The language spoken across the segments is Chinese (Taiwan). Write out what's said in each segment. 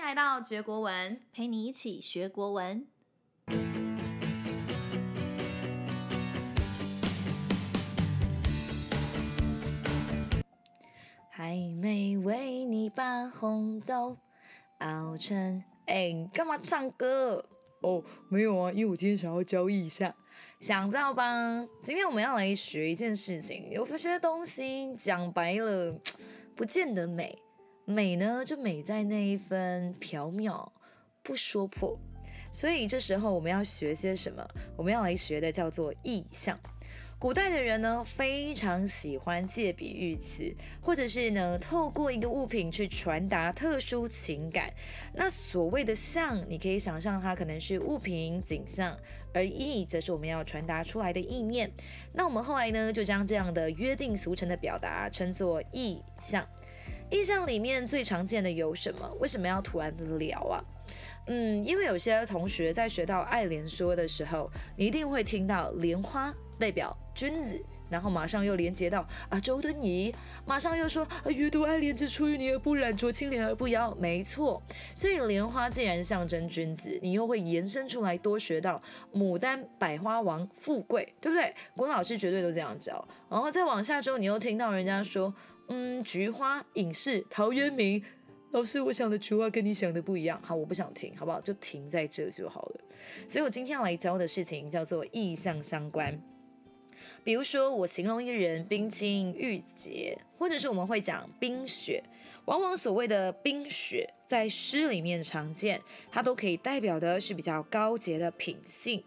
歡迎來到學國文，陪你一起學國文。還沒為你把紅豆熬成？哎，你幹嘛唱歌？哦，沒有啊，因為我今天想要交易一下，想不到吧？今天我們要來學一件事情，有些東西講白了，不見得美。美呢，就美在那一份縹緲，不說破。所以這時候我們要學些什麼？我們要來學的叫做意象。古代的人呢，非常喜歡借比喻詞，或者是呢，透過一個物品去傳達特殊情感。那所謂的象，你可以想象它可能是物品景象，而意則是我們要傳達出來的意念。那我們後來呢，就將這樣的約定俗成的表達稱作意象。意象裡面最常見的有什麼？為什麼要突然聊啊？嗯，因為有些同學在學到《愛蓮說》的時候，你一定會聽到蓮花代表君子，然後馬上又連接到啊周敦頤，馬上又說予獨《啊、愛蓮之出淤泥而不染，濯清漣而不妖。沒錯，所以蓮花既然象徵君子，你又會延伸出來多學到牡丹、百花王、富貴，對不對？國老師絕對都這樣教。然後再往下周你又聽到人家說。嗯，菊花、隱士、陶淵明，老師，我想的菊花跟你想的不一樣，好，我不想停，好不好？就停在這就好了。所以我今天要來教的事情叫做意象相關。比如說，我形容一個人冰清玉潔，或者是我們會講冰雪，往往所謂的冰雪在詩裡面常見，它都可以代表的是比較高潔的品性。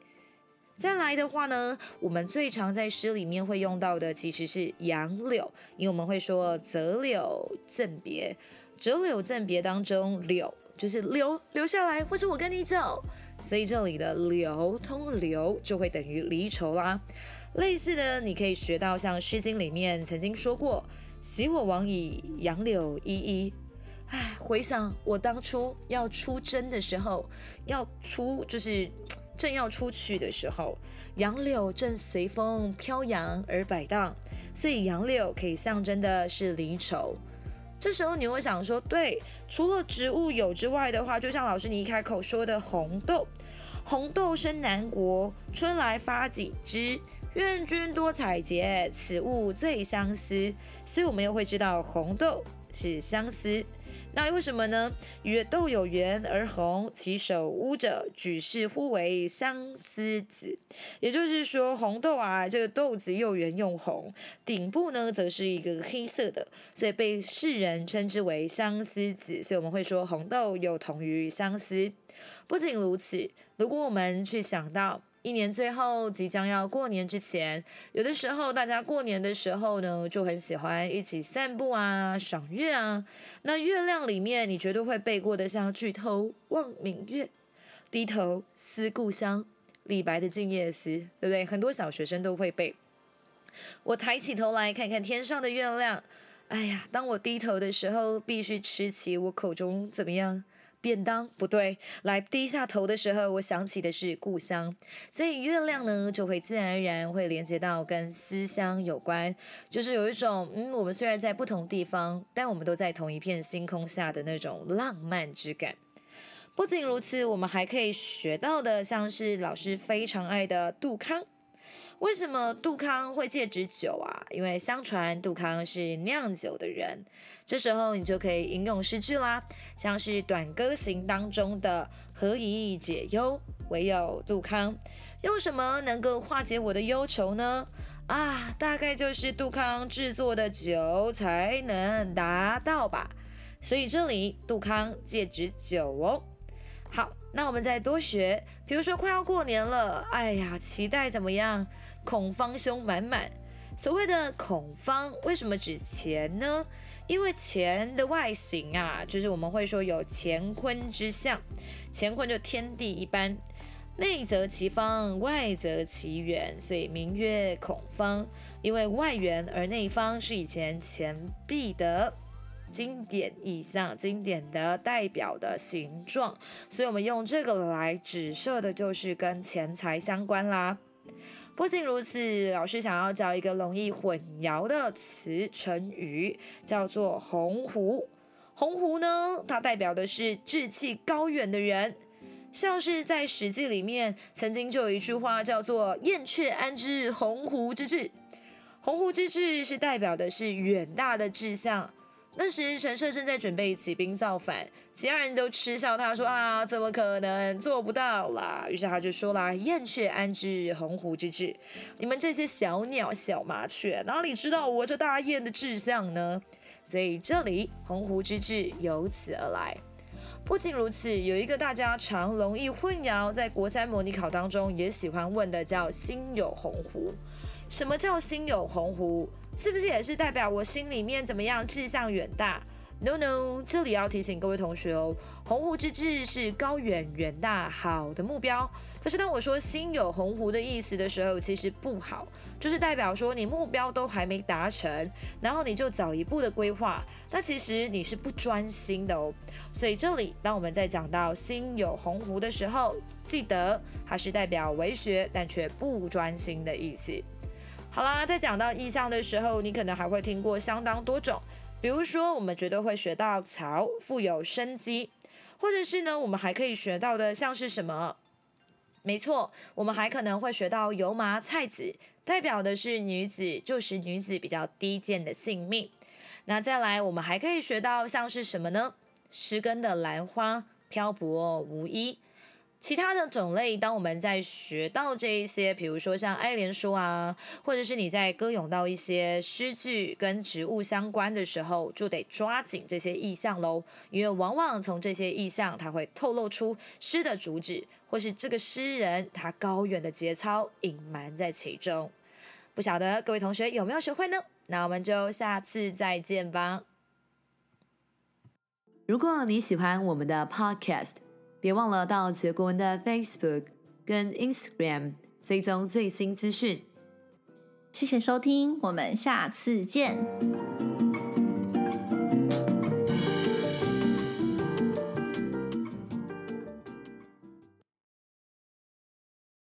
再來的話呢，我們最常在詩裡面會用到的其實是楊柳，因為我們會說折柳贈別。折柳贈別當中，柳就是留，留下來，或是我跟你走。所以這裡的柳通留就會等於離愁啦。類似的，你可以學到像《詩經》裡面曾經說過：“昔我往矣，楊柳依依。”哎，回想我當初要出征的時候，要出就是。正要出去的時候，楊柳正隨風飄揚而擺盪，所以楊柳可以象徵的是離愁。這時候你會想說，對，除了植物有之外的話，就像老師你一開口說的紅豆，紅豆生南國，春來發幾枝，願君多採擷，此物最相思。所以我們又會知道紅豆是相思。那為什麼呢？與豆有圓而紅，其首烏者，舉世呼為相思子。也就是說，紅豆啊，這個豆子又圓又紅，頂部呢則是一個黑色的，所以被世人稱之為相思子。所以我們會說紅豆有同於相思。不僅如此，如果我們去想到。一年最後即將要過年之前，有的時候大家過年的時候呢，就很喜歡一起散步啊、賞月啊。那月亮裡面，你絕對會背過的，像舉頭望明月，低頭思故鄉，李白的《靜夜思》，對不對？很多小學生都會背。我抬起頭來看看天上的月亮，哎呀，當我低頭的時候，必須吃起我口中怎麼樣？便當？不對，來，低下頭的時候，我想起的是故鄉，所以月亮呢就會自然而然會連接到跟思鄉有關，就是有一種嗯，我們雖然在不同地方，但我們都在同一片星空下的那種浪漫之感。不僅如此，我們還可以學到的，像是老師非常愛的杜康。為什麼杜康會借指酒啊？因為相傳杜康是釀酒的人。這時候你就可以引用詩句啦，像是《短歌行》當中的“何以解憂，唯有杜康”。用什麼能夠化解我的憂愁呢？啊，大概就是杜康制作的酒才能達到吧。所以這裡杜康借指酒哦。好。那我們再多學，比如說快要過年了，哎呀，期待怎麼樣？孔方兄滿滿。所謂的孔方，為什麼指錢呢？因為錢的外形啊，就是我們會說有乾坤之象，乾坤就天地一般，內則其方，外則其圓，所以名曰孔方。因為外圓而內方，是以前錢幣的經典意象，經典的代表的形狀，所以我們用這個來指涉的，就是跟錢財相關啦。不僅如此，老師想要教一個容易混淆的詞成語，叫做鴻鵠。鴻鵠呢，它代表的是志氣高遠的人，像是在《史記》裡面曾經就有一句話叫做“燕雀安知鴻鵠之志”。鴻鵠之志是代表的是遠大的志向。那時陳涉正在準備起兵造反，其他人都嗤笑他說，說啊，怎麼可能做不到啦？於是他就說啦：“燕雀安知鴻鵠之志？你們這些小鳥、小麻雀，哪裡知道我這大雁的志向呢？”所以這裡“鴻鵠之志”由此而來。不僅如此，有一個大家常容易混淆，在國三模擬考當中也喜歡問的，叫“心有鴻鵠”。什麼叫新湖“心有鴻鵠”？是不是也是代表我心裡面怎麼樣志向遠大？No No，這裡要提醒各位同學哦，鴻鹄之志是高遠、遠大、好的目標。可是當我說心有鴻鹄的意思的時候，其實不好，就是代表說你目標都還沒達成，然後你就早一步的規劃，那其實你是不專心的哦。所以這裡，當我們在講到心有鴻鹄的時候，記得它是代表為學但卻不專心的意思。好啦，在講到意象的時候，你可能還會聽過相當多種，比如說，我們絕對會學到草富有生機，或者是呢，我們還可以學到的像是什麼？沒錯，我們還可能會學到油麻菜籽代表的是女子，就是女子比較低賤的性命。那再來，我們還可以學到像是什麼呢？失根的蘭花漂泊無依。其他的種類，當我們在學到這一些，比如說像《愛蓮說》啊，或者是你在歌詠到一些詩句跟植物相關的時候，就得抓緊這些意象嘍，因為往往從這些意象，它會透露出詩的主旨，或是這個詩人他高遠的節操隱瞞，在其中。不曉得各位同學有沒有學會呢？那我們就下次再見吧。如果你喜歡我們的 Podcast。別忘了到捷國文的 Facebook 跟 Instagram 追蹤最新資訊。謝謝收聽，我們下次見。